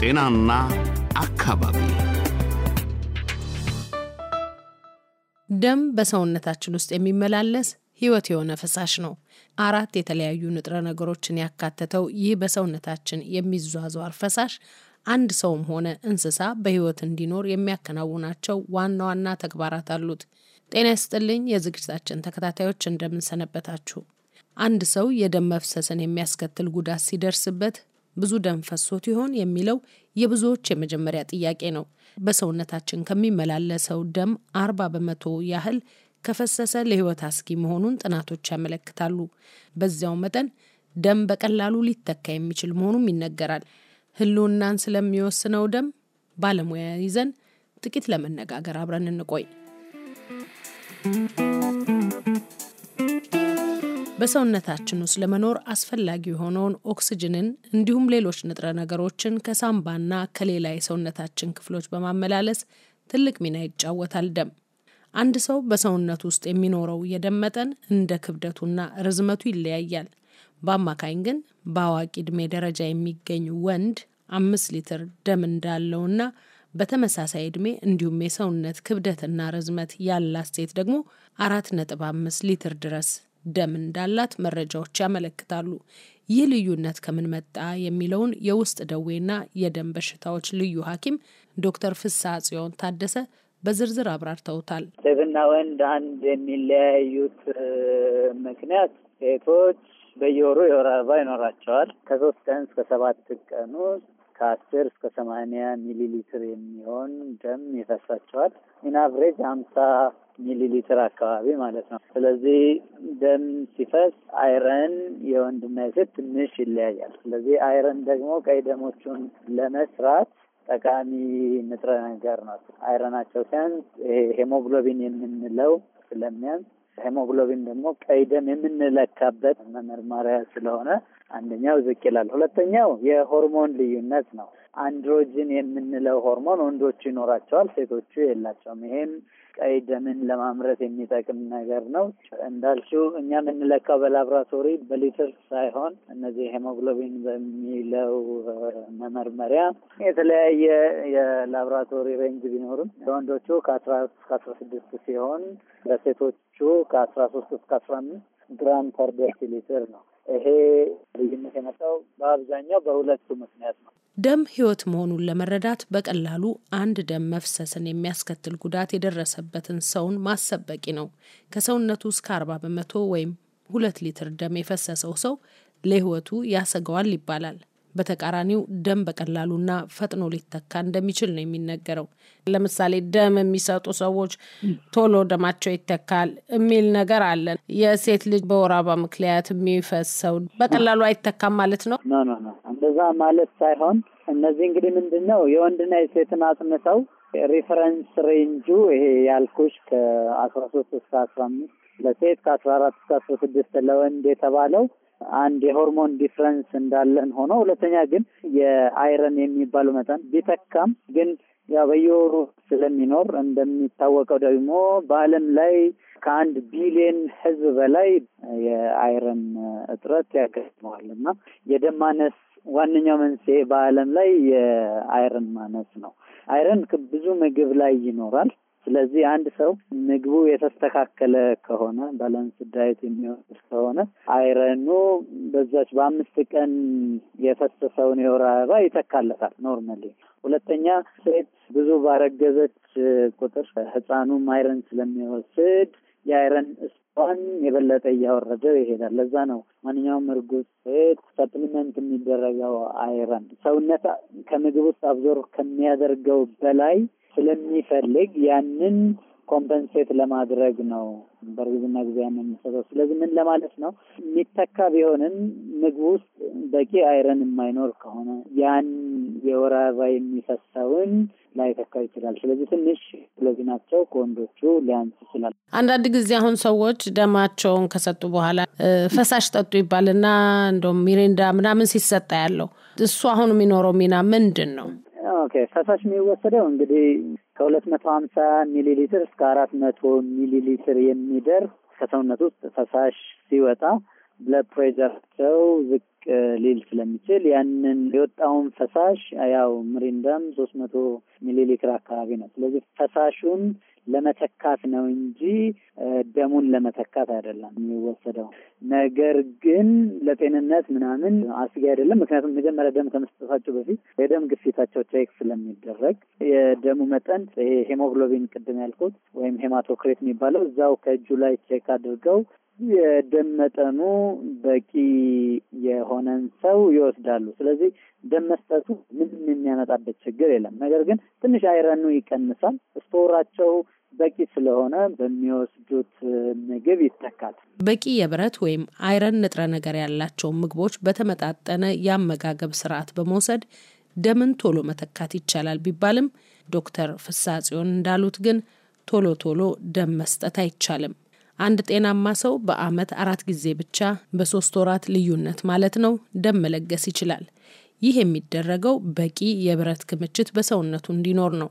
ጤናና አካባቢ ደም በሰውነታችን ውስጥ የሚመላለስ ህይወት የሆነ ፈሳሽ ነው። አራት የተለያዩ ንጥረ ነገሮችን ያካተተው ይህ በሰውነታችን የሚዟዟር ፈሳሽ አንድ ሰውም ሆነ እንስሳ በህይወት እንዲኖር የሚያከናውናቸው ዋና ዋና ተግባራት አሉት። ጤና ይስጥልኝ የዝግጅታችን ተከታታዮች እንደምንሰነበታችሁ። አንድ ሰው የደም መፍሰስን የሚያስከትል ጉዳት ሲደርስበት ብዙ ደም ፈሶት ይሆን የሚለው የብዙዎች የመጀመሪያ ጥያቄ ነው። በሰውነታችን ከሚመላለሰው ደም አርባ በመቶ ያህል ከፈሰሰ ለህይወት አስጊ መሆኑን ጥናቶች ያመለክታሉ። በዚያው መጠን ደም በቀላሉ ሊተካ የሚችል መሆኑም ይነገራል። ህልውናን ስለሚወስነው ደም ባለሙያ ይዘን ጥቂት ለመነጋገር አብረን እንቆይ። በሰውነታችን ውስጥ ለመኖር አስፈላጊ የሆነውን ኦክስጅንን እንዲሁም ሌሎች ንጥረ ነገሮችን ከሳምባና ከሌላ የሰውነታችን ክፍሎች በማመላለስ ትልቅ ሚና ይጫወታል። ደም አንድ ሰው በሰውነት ውስጥ የሚኖረው የደም መጠን እንደ ክብደቱና ርዝመቱ ይለያያል። በአማካኝ ግን በአዋቂ ዕድሜ ደረጃ የሚገኝ ወንድ አምስት ሊትር ደም እንዳለውና በተመሳሳይ ዕድሜ እንዲሁም የሰውነት ክብደትና ርዝመት ያላት ሴት ደግሞ አራት ነጥብ አምስት ሊትር ድረስ ደም እንዳላት መረጃዎች ያመለክታሉ። ይህ ልዩነት ከምን መጣ የሚለውን የውስጥ ደዌና የደም በሽታዎች ልዩ ሐኪም ዶክተር ፍስሐ ጽዮን ታደሰ በዝርዝር አብራርተውታል። ሴትና ወንድ አንድ የሚለያዩት ምክንያት ሴቶች በየወሩ የወር አበባ ይኖራቸዋል። ከሶስት ቀን እስከ ሰባት ቀን ውስጥ ከአስር እስከ ሰማንያ ሚሊ ሊትር የሚሆን ደም ይፈሳቸዋል። ኢናብሬጅ ሀምሳ ሚሊ ሊትር አካባቢ ማለት ነው። ስለዚህ ደም ሲፈስ አይረን የወንድና የሴት ትንሽ ይለያያል። ስለዚህ አይረን ደግሞ ቀይ ደሞቹን ለመስራት ጠቃሚ ንጥረ ነገር ነው። አይረናቸው ሲያንስ ሄሞግሎቢን የምንለው ስለሚያንስ ሄሞግሎቢን ደግሞ ቀይ ደም የምንለካበት መመርመሪያ ስለሆነ አንደኛው ዝቅ ይላል። ሁለተኛው የሆርሞን ልዩነት ነው። አንድሮጅን የምንለው ሆርሞን ወንዶቹ ይኖራቸዋል፣ ሴቶቹ የላቸውም። ይሄም ቀይ ደምን ለማምረት የሚጠቅም ነገር ነው። እንዳልሽው እኛ የምንለካው በላብራቶሪ በሊትር ሳይሆን እነዚህ ሄሞግሎቢን በሚለው መመርመሪያ የተለያየ የላብራቶሪ ሬንጅ ቢኖርም ለወንዶቹ ከአስራ ከአስራ ስድስት ሲሆን ለሴቶች ያለችው ከአስራ ሶስት እስከ አስራ አምስት ግራም ፐር ዴሲሊትር ነው። ይሄ ልዩነት የመጣው በአብዛኛው በሁለቱ ምክንያት ነው። ደም ህይወት መሆኑን ለመረዳት በቀላሉ አንድ ደም መፍሰስን የሚያስከትል ጉዳት የደረሰበትን ሰውን ማሰብ በቂ ነው። ከሰውነቱ እስከ አርባ በመቶ ወይም ሁለት ሊትር ደም የፈሰሰው ሰው ለህይወቱ ያሰገዋል ይባላል። በተቃራኒው ደም በቀላሉና ፈጥኖ ሊተካ እንደሚችል ነው የሚነገረው። ለምሳሌ ደም የሚሰጡ ሰዎች ቶሎ ደማቸው ይተካል የሚል ነገር አለ። የሴት ልጅ በወር አበባ ምክንያት የሚፈሰው በቀላሉ አይተካም ማለት ነው። ኖ ኖ ኖ እንደዛ ማለት ሳይሆን እነዚህ እንግዲህ ምንድን ነው የወንድና የሴትን አጥንተው ሪፈረንስ ሬንጁ ይሄ ያልኩሽ ከአስራ ሶስት እስከ አስራ አምስት ለሴት ከአስራ አራት እስከ አስራ ስድስት ለወንድ የተባለው አንድ የሆርሞን ዲፍረንስ እንዳለን ሆኖ ሁለተኛ ግን የአይረን የሚባለው መጠን ቢተካም ግን ያው በየወሩ ስለሚኖር እንደሚታወቀው ደግሞ በዓለም ላይ ከአንድ ቢሊዮን ሕዝብ በላይ የአይረን እጥረት ያጋጥመዋል እና የደም ማነስ ዋነኛው መንስኤ በዓለም ላይ የአይረን ማነስ ነው። አይረን ብዙ ምግብ ላይ ይኖራል። ስለዚህ አንድ ሰው ምግቡ የተስተካከለ ከሆነ ባላንስ ዳይት የሚወስድ ከሆነ አይረኑ በዛች በአምስት ቀን የፈሰሰውን የወር አበባ ይተካለታል ኖርማሊ። ሁለተኛ ሴት ብዙ ባረገዘች ቁጥር ህፃኑም አይረን ስለሚወስድ የአይረን እሷን የበለጠ እያወረደው ይሄዳል። ለዛ ነው ማንኛውም እርጉዝ ሴት ሰፕሊመንት የሚደረገው አይረን ሰውነት ከምግብ ውስጥ አብዞር ከሚያደርገው በላይ ስለሚፈልግ ያንን ኮምፐንሴት ለማድረግ ነው በእርግዝና ጊዜ ያን የሚሰጠው። ስለዚህ ምን ለማለት ነው የሚተካ ቢሆንም ምግብ ውስጥ በቂ አይረን የማይኖር ከሆነ ያን የወር አበባ የሚፈሰውን ላይተካ ይችላል። ስለዚህ ትንሽ ስለዚህ ናቸው ከወንዶቹ ሊያንስ ይችላል። አንዳንድ ጊዜ አሁን ሰዎች ደማቸውን ከሰጡ በኋላ ፈሳሽ ጠጡ ይባልና እንደውም ሚሪንዳ ምናምን ሲሰጣ ያለው እሱ አሁን የሚኖረው ሚና ምንድን ነው? ኦኬ ፈሳሽ የሚወሰደው እንግዲህ ከሁለት መቶ ሀምሳ ሚሊ ሊትር እስከ አራት መቶ ሚሊ ሊትር የሚደርስ ከሰውነት ውስጥ ፈሳሽ ሲወጣ ብለድ ፕሬሸራቸው ዝቅ ሊል ስለሚችል ያንን የወጣውን ፈሳሽ ያው ምሪንዳም ሶስት መቶ ሚሊ ሊትር አካባቢ ነው። ስለዚህ ፈሳሹን ለመተካት ነው እንጂ ደሙን ለመተካት አይደለም የሚወሰደው። ነገር ግን ለጤንነት ምናምን አስጊ አይደለም። ምክንያቱም መጀመሪያ ደም ከመስጠታቸው በፊት የደም ግፊታቸው ቼክ ስለሚደረግ የደሙ መጠን ይሄ ሄሞግሎቢን ቅድም ያልኩት ወይም ሄማቶክሬት የሚባለው እዛው ከእጁ ላይ ቼክ አድርገው የደም መጠኑ በቂ የሆነን ሰው ይወስዳሉ። ስለዚህ ደም መስጠቱ ምንም የሚያመጣበት ችግር የለም። ነገር ግን ትንሽ አይረኑ ይቀንሳል። ስቶራቸው በቂ ስለሆነ በሚወስዱት ምግብ ይተካል። በቂ የብረት ወይም አይረን ንጥረ ነገር ያላቸውን ምግቦች በተመጣጠነ የአመጋገብ ስርዓት በመውሰድ ደምን ቶሎ መተካት ይቻላል ቢባልም ዶክተር ፍሳጽዮን እንዳሉት ግን ቶሎ ቶሎ ደም መስጠት አይቻልም። አንድ ጤናማ ሰው በአመት አራት ጊዜ ብቻ በሶስት ወራት ልዩነት ማለት ነው ደም መለገስ ይችላል። ይህ የሚደረገው በቂ የብረት ክምችት በሰውነቱ እንዲኖር ነው።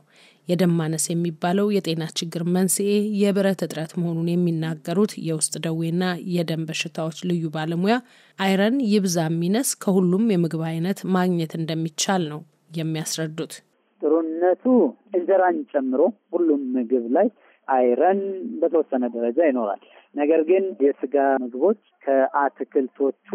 የደም ማነስ የሚባለው የጤና ችግር መንስኤ የብረት እጥረት መሆኑን የሚናገሩት የውስጥ ደዌና የደም በሽታዎች ልዩ ባለሙያ አይረን ይብዛ የሚነስ ከሁሉም የምግብ አይነት ማግኘት እንደሚቻል ነው የሚያስረዱት። ጥሩነቱ እንጀራን ጨምሮ ሁሉም ምግብ ላይ አይረን በተወሰነ ደረጃ ይኖራል። ነገር ግን የስጋ ምግቦች ከአትክልቶቹ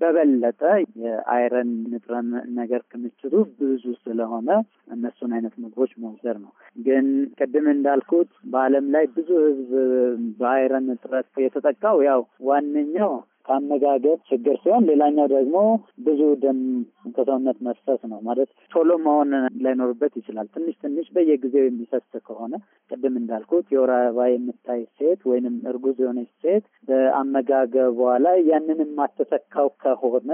በበለጠ የአይረን ንጥረ ነገር ክምችቱ ብዙ ስለሆነ እነሱን አይነት ምግቦች መውሰድ ነው። ግን ቅድም እንዳልኩት በዓለም ላይ ብዙ ሕዝብ በአይረን እጥረት የተጠቃው ያው ዋነኛው ከአመጋገብ ችግር ሲሆን፣ ሌላኛው ደግሞ ብዙ ደም ከሰውነት መፍሰስ ነው። ማለት ቶሎ መሆን ላይኖርበት ይችላል። ትንሽ ትንሽ በየጊዜው የሚፈስ ከሆነ ቅድም እንዳልኩት የወር አበባ የምታይ ሴት ወይንም እርጉዝ የሆነች ሴት በአመጋገቧ ላይ ያንን የማትተካው ከሆነ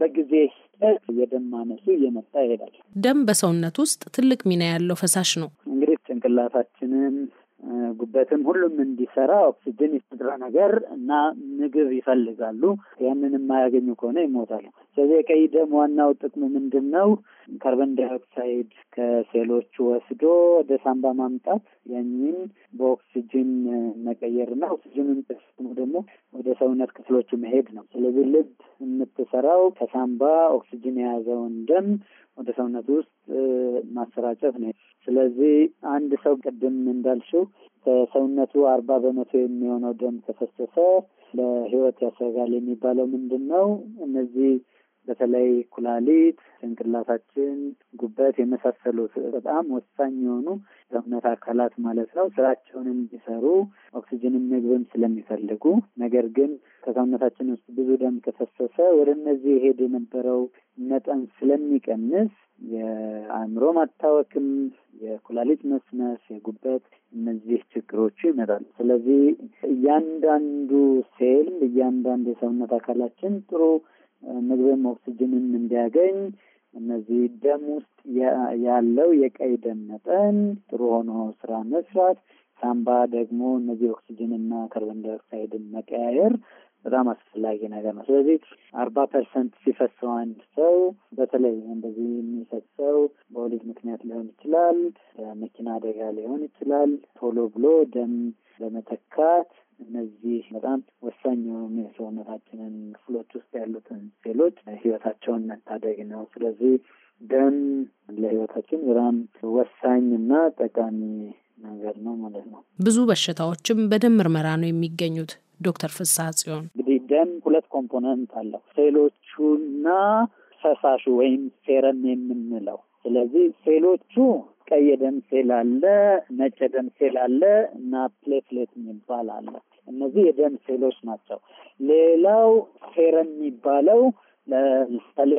በጊዜ ሂደት የደም ማነሱ እየመጣ ይሄዳል። ደም በሰውነት ውስጥ ትልቅ ሚና ያለው ፈሳሽ ነው። እንግዲህ ጭንቅላታችንን ጉበትም ሁሉም እንዲሰራ ኦክሲጅን የተድራ ነገር እና ምግብ ይፈልጋሉ። ያንን የማያገኙ ከሆነ ይሞታሉ። ስለዚህ የቀይ ደም ዋናው ጥቅም ምንድን ነው? ካርበን ዳይኦክሳይድ ከሴሎቹ ወስዶ ወደ ሳምባ ማምጣት፣ ያንን በኦክሲጅን መቀየር እና ኦክሲጅኑን ጥቅሙ ደግሞ ወደ ሰውነት ክፍሎቹ መሄድ ነው። ስለዚህ ልብ የምትሰራው ከሳምባ ኦክሲጅን የያዘውን ደም ወደ ሰውነቱ ውስጥ ማሰራጨት ነው። ስለዚህ አንድ ሰው ቅድም እንዳልሽው ከሰውነቱ አርባ በመቶ የሚሆነው ደም ከፈሰሰ ለህይወት ያሰጋል የሚባለው ምንድን ነው? እነዚህ በተለይ ኩላሊት፣ ጭንቅላታችን፣ ጉበት የመሳሰሉት በጣም ወሳኝ የሆኑ ሰውነት አካላት ማለት ነው ስራቸውን እንዲሰሩ ኦክሲጅንም ምግብም ስለሚፈልጉ ነገር ግን ከሰውነታችን ውስጥ ብዙ ደም ከፈሰሰ ወደ እነዚህ የሄድ የነበረው መጠን ስለሚቀንስ የአእምሮ ማታወክም፣ የኩላሊት መስመስ፣ የጉበት እነዚህ ችግሮቹ ይመጣሉ። ስለዚህ እያንዳንዱ ሴል እያንዳንዱ የሰውነት አካላችን ጥሩ ምግብም ኦክሲጅንም እንዲያገኝ እነዚህ ደም ውስጥ ያለው የቀይ ደም መጠን ጥሩ ሆኖ ስራ መስራት፣ ሳምባ ደግሞ እነዚህ ኦክሲጅንና ካርቦን ዳይኦክሳይድን መቀያየር በጣም አስፈላጊ ነገር ነው። ስለዚህ አርባ ፐርሰንት ሲፈሰው አንድ ሰው በተለይ እንደዚህ የሚፈሰው በወሊድ ምክንያት ሊሆን ይችላል፣ መኪና አደጋ ሊሆን ይችላል። ቶሎ ብሎ ደም ለመተካት እነዚህ በጣም ወሳኝ የሆኑ የሰውነታችንን ያሉትን ሴሎች ህይወታቸውን መታደግ ነው። ስለዚህ ደም ለህይወታችን በጣም ወሳኝና ጠቃሚ ነገር ነው ማለት ነው። ብዙ በሽታዎችም በደም ምርመራ ነው የሚገኙት። ዶክተር ፍስሐ ጽዮን እንግዲህ ደም ሁለት ኮምፖነንት አለው፣ ሴሎቹና ፈሳሹ ወይም ሴረም የምንለው ስለዚህ ሴሎቹ ቀይ ደም ሴል አለ፣ ነጭ ደም ሴል አለ እና ፕሌትሌት የሚባል አለ። እነዚህ የደም ሴሎች ናቸው። ሌላው ሴረም የሚባለው ለምሳሌ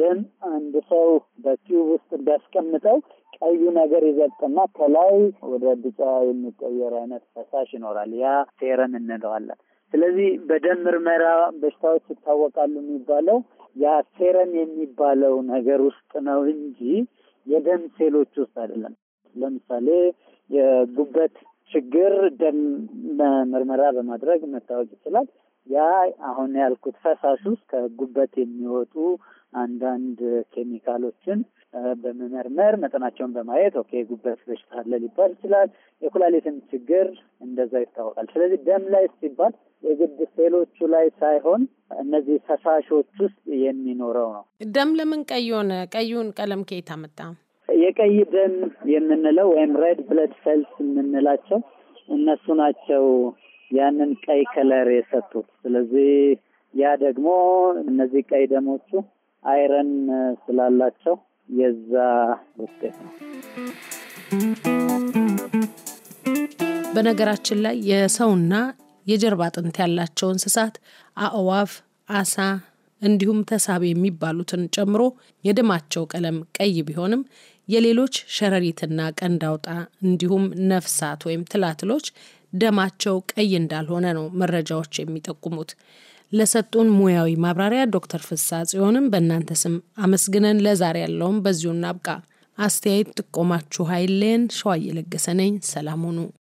ደም አንድ ሰው በቲዩብ ውስጥ እንዲያስቀምጠው ቀዩ ነገር ይዘጥና ከላይ ወደ ቢጫ የሚቀየር አይነት ፈሳሽ ይኖራል። ያ ሴረም እንለዋለን። ስለዚህ በደም ምርመራ በሽታዎች ይታወቃሉ የሚባለው ያ ሴረም የሚባለው ነገር ውስጥ ነው እንጂ የደም ሴሎች ውስጥ አይደለም። ለምሳሌ የጉበት ችግር ደም ምርመራ በማድረግ መታወቅ ይችላል። ያ አሁን ያልኩት ፈሳሽ ውስጥ ከጉበት የሚወጡ አንዳንድ ኬሚካሎችን በመመርመር መጠናቸውን በማየት ኦኬ ጉበት በሽታ አለ ሊባል ይችላል። የኩላሊትን ችግር እንደዛ ይታወቃል። ስለዚህ ደም ላይ ሲባል የግድ ሴሎቹ ላይ ሳይሆን እነዚህ ፈሳሾች ውስጥ የሚኖረው ነው። ደም ለምን ቀይ ሆነ? ቀዩን ቀለም ከየት አመጣ? የቀይ ደም የምንለው ወይም ሬድ ብለድ ሴልስ የምንላቸው እነሱ ናቸው ያንን ቀይ ከለር የሰጡት። ስለዚህ ያ ደግሞ እነዚህ ቀይ ደሞቹ አይረን ስላላቸው የዛ ውጤት ነው። በነገራችን ላይ የሰውና የጀርባ አጥንት ያላቸው እንስሳት አእዋፍ፣ አሳ እንዲሁም ተሳቢ የሚባሉትን ጨምሮ የደማቸው ቀለም ቀይ ቢሆንም የሌሎች ሸረሪትና ቀንድ አውጣ እንዲሁም ነፍሳት ወይም ትላትሎች ደማቸው ቀይ እንዳልሆነ ነው መረጃዎች የሚጠቁሙት። ለሰጡን ሙያዊ ማብራሪያ ዶክተር ፍሳ ጽዮንም በእናንተ ስም አመስግነን ለዛሬ ያለውም በዚሁ እናብቃ። አስተያየት ጥቆማችሁ ኃይሌን ሸዋ እየለገሰ ነኝ። ሰላም ሁኑ።